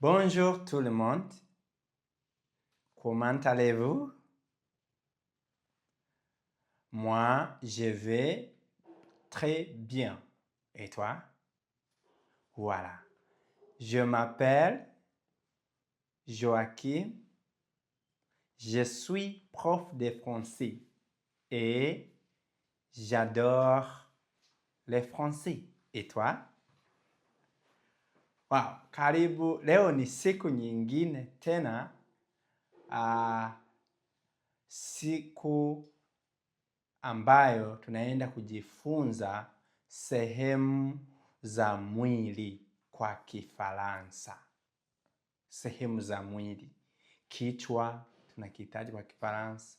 Bonjour tout le monde. Comment allez-vous? Moi, je vais très bien. Et toi? Voilà. Je m'appelle Joachim. Je suis prof de français et j'adore les français. Et toi? Wow, karibu. Leo ni siku nyingine tena, uh, siku ambayo tunaenda kujifunza sehemu za mwili kwa Kifaransa. Sehemu za mwili, kichwa tunakihitaji kwa Kifaransa,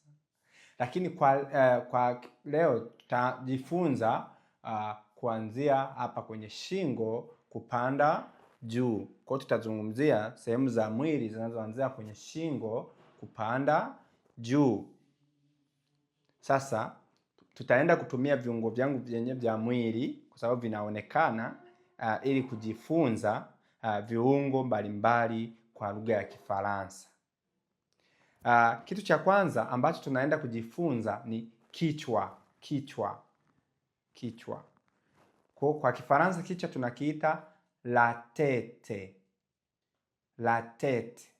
lakini kwa, uh, kwa leo tutajifunza uh, kuanzia hapa kwenye shingo kupanda juu. Kwa hiyo tutazungumzia sehemu za mwili zinazoanzia kwenye shingo kupanda juu. Sasa tutaenda kutumia viungo vyangu vyenye vya mwili kwa sababu vinaonekana, uh, ili kujifunza uh, viungo mbalimbali kwa lugha ya Kifaransa. Uh, kitu cha kwanza ambacho tunaenda kujifunza ni kichwa. Kichwa, kichwa kwa, kwa Kifaransa kichwa tunakiita la tête. La tête.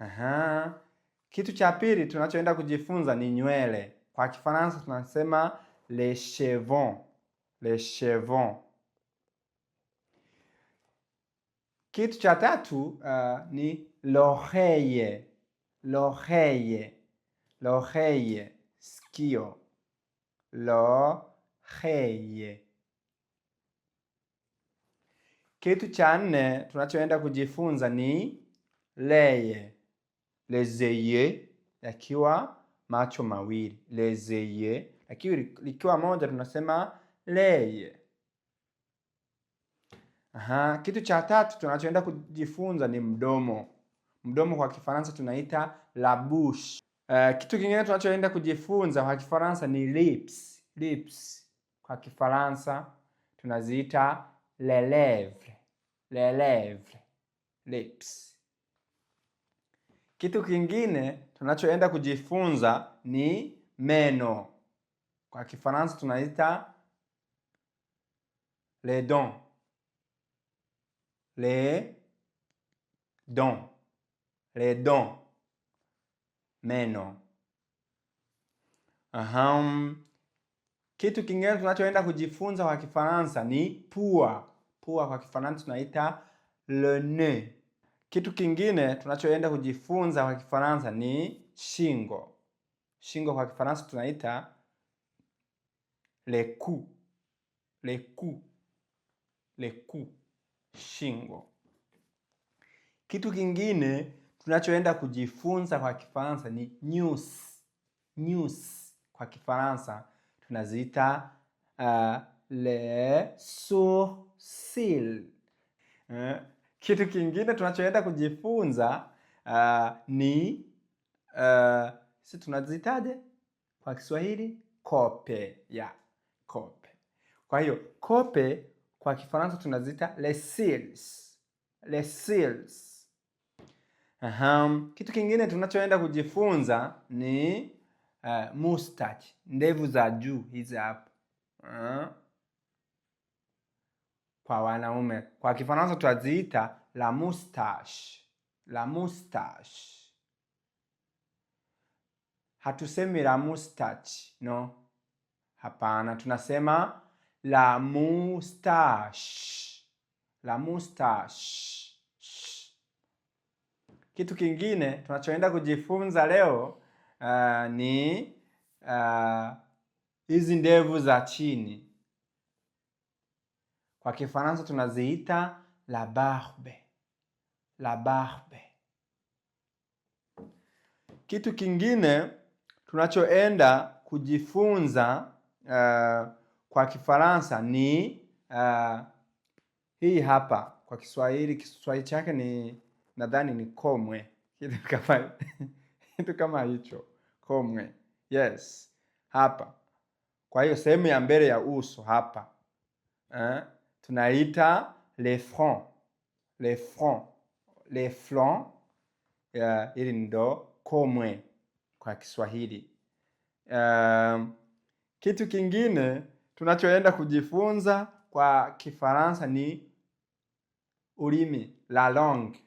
Aha. Kitu cha pili tunachoenda kujifunza ni nywele. Kwa Kifaransa tunasema les cheveux. Les cheveux. Kitu cha tatu uh, ni l'oreille. L'oreille. L'oreille. Sikio. L'oreille. Kitu cha nne tunachoenda kujifunza ni leye. Lezeye yakiwa macho mawili, lezeye. Lakini likiwa moja tunasema leye. Aha, kitu cha tatu tunachoenda kujifunza ni mdomo. Mdomo kwa Kifaransa tunaita la bouche. Uh, kitu kingine tunachoenda kujifunza kwa Kifaransa ni lips. Lips kwa Kifaransa tunaziita les lèvres les lèvres, lips. Kitu kingine tunachoenda kujifunza ni meno. Kwa Kifaransa tunaita les dents. Les dents. Les dents. Meno. Aha. Kitu kingine tunachoenda kujifunza kwa Kifaransa ni pua pua kwa Kifaransa tunaita le nez. Kitu kingine tunachoenda kujifunza kwa Kifaransa ni shingo. Shingo kwa Kifaransa tunaita le cou. Le cou. Le cou. Shingo. Kitu kingine tunachoenda kujifunza kwa Kifaransa ni news. News kwa Kifaransa tunaziita uh, eh, le sourds seal. Eh, kitu kingine tunachoenda kujifunza uh, ni uh, si tunazitaje kwa Kiswahili kope ya yeah, kope. Kwa hiyo kope kwa Kifaransa tunazita les seals. Les seals. Aha. Kitu kingine tunachoenda kujifunza ni uh, mustache, ndevu za juu hizi hapo. Uh kwa wanaume. Kwa Kifaransa twaziita la moustache, la moustache. Hatusemi la moustache, no, hapana, tunasema la moustache, la moustache. Kitu kingine tunachoenda kujifunza leo uh, ni eh, hizi uh, ndevu za chini kwa Kifaransa tunaziita la barbe, la barbe. Kitu kingine tunachoenda kujifunza uh, kwa Kifaransa ni uh, hii hapa. Kwa Kiswahili, Kiswahili chake ni nadhani ni komwe, kitu kama kitu kama hicho komwe. Yes, hapa. Kwa hiyo sehemu ya mbele ya uso hapa eh? tunaita le front, le front, le front. Hili eh, ili ndo komwe kwa Kiswahili. Uh, kitu kingine tunachoenda kujifunza kwa Kifaransa ni ulimi, la langue,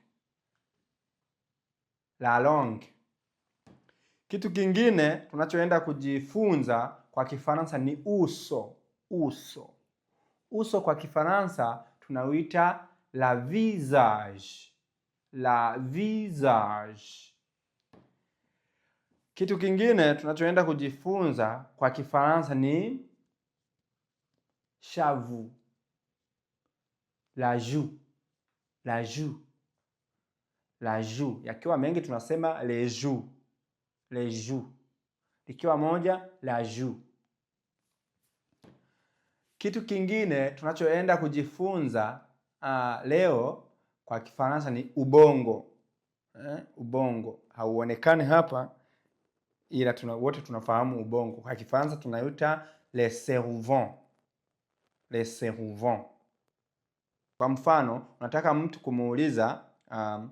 la langue. Kitu kingine tunachoenda kujifunza kwa Kifaransa ni uso, uso Uso kwa Kifaransa tunauita la visage. La visage. Kitu kingine tunachoenda kujifunza kwa Kifaransa ni shavu. La joue. La joue. La joue. Yakiwa mengi tunasema les joues. Les joues. Ikiwa moja la joue. Kitu kingine tunachoenda kujifunza uh, leo kwa Kifaransa ni ubongo eh, ubongo hauonekani hapa, ila tuna, wote tunafahamu ubongo. Kwa Kifaransa tunaita le cerveau, le cerveau. Kwa mfano unataka mtu kumuuliza um,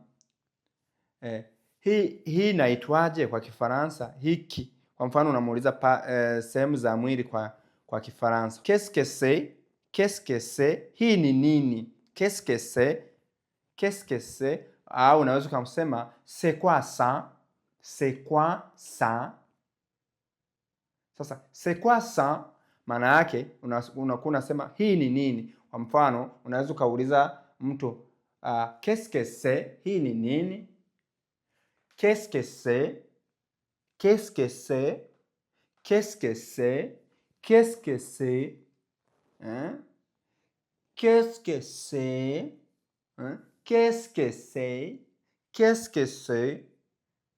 eh, hii hii inaitwaje kwa Kifaransa hiki. Kwa mfano unamuuliza eh, sehemu za mwili kwa kwa Kifaransa. Qu'est-ce que c'est? Qu'est-ce que c'est? Hii ni nini? Qu'est-ce que c'est? Qu'est-ce que c'est? Au ah, unaweza ukamsema c'est quoi ça? C'est quoi ça? Sasa c'est quoi ça? Maana yake unakuwa unasema hii ni nini? Kwa mfano, unaweza ukauliza mtu uh, qu'est-ce que c'est? Hii ni nini? Qu'est-ce que c'est? Qu'est-ce que c'est? Qu'est-ce que c'est? Qu'est-ce que c'est hein? Qu'est-ce que c'est hein? Qu'est-ce que c'est Qu'est-ce que c'est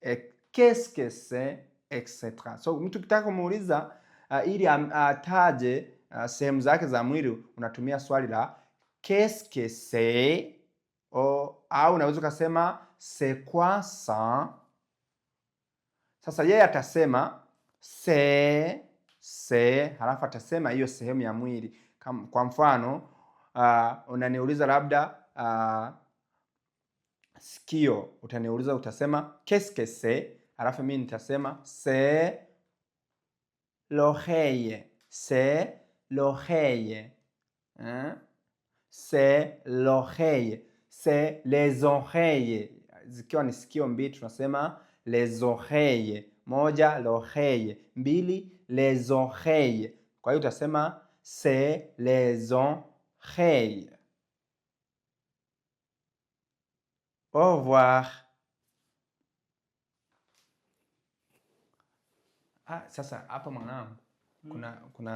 Et Qu'est-ce que c'est etc. So mtu kitaka kumuuliza uh, ili ah, ataje uh, sehemu zake za mwili unatumia swali la qu'est-ce que c'est au unaweza ukasema c'est quoi ça. Sasa yeye atasema c'est se, halafu atasema hiyo sehemu ya mwili. Kwa mfano uh, unaniuliza labda uh, sikio, utaniuliza utasema keskese, halafu mimi nitasema se loheye se loheye eh? se loheye se les oreilles, zikiwa ni sikio mbili tunasema les oreilles. Moja loheye mbili les oreilles. Kwa hiyo utasema hein? c'est les oreilles. Au revoir. Ah, sasa hapa mwanangu kuna kuna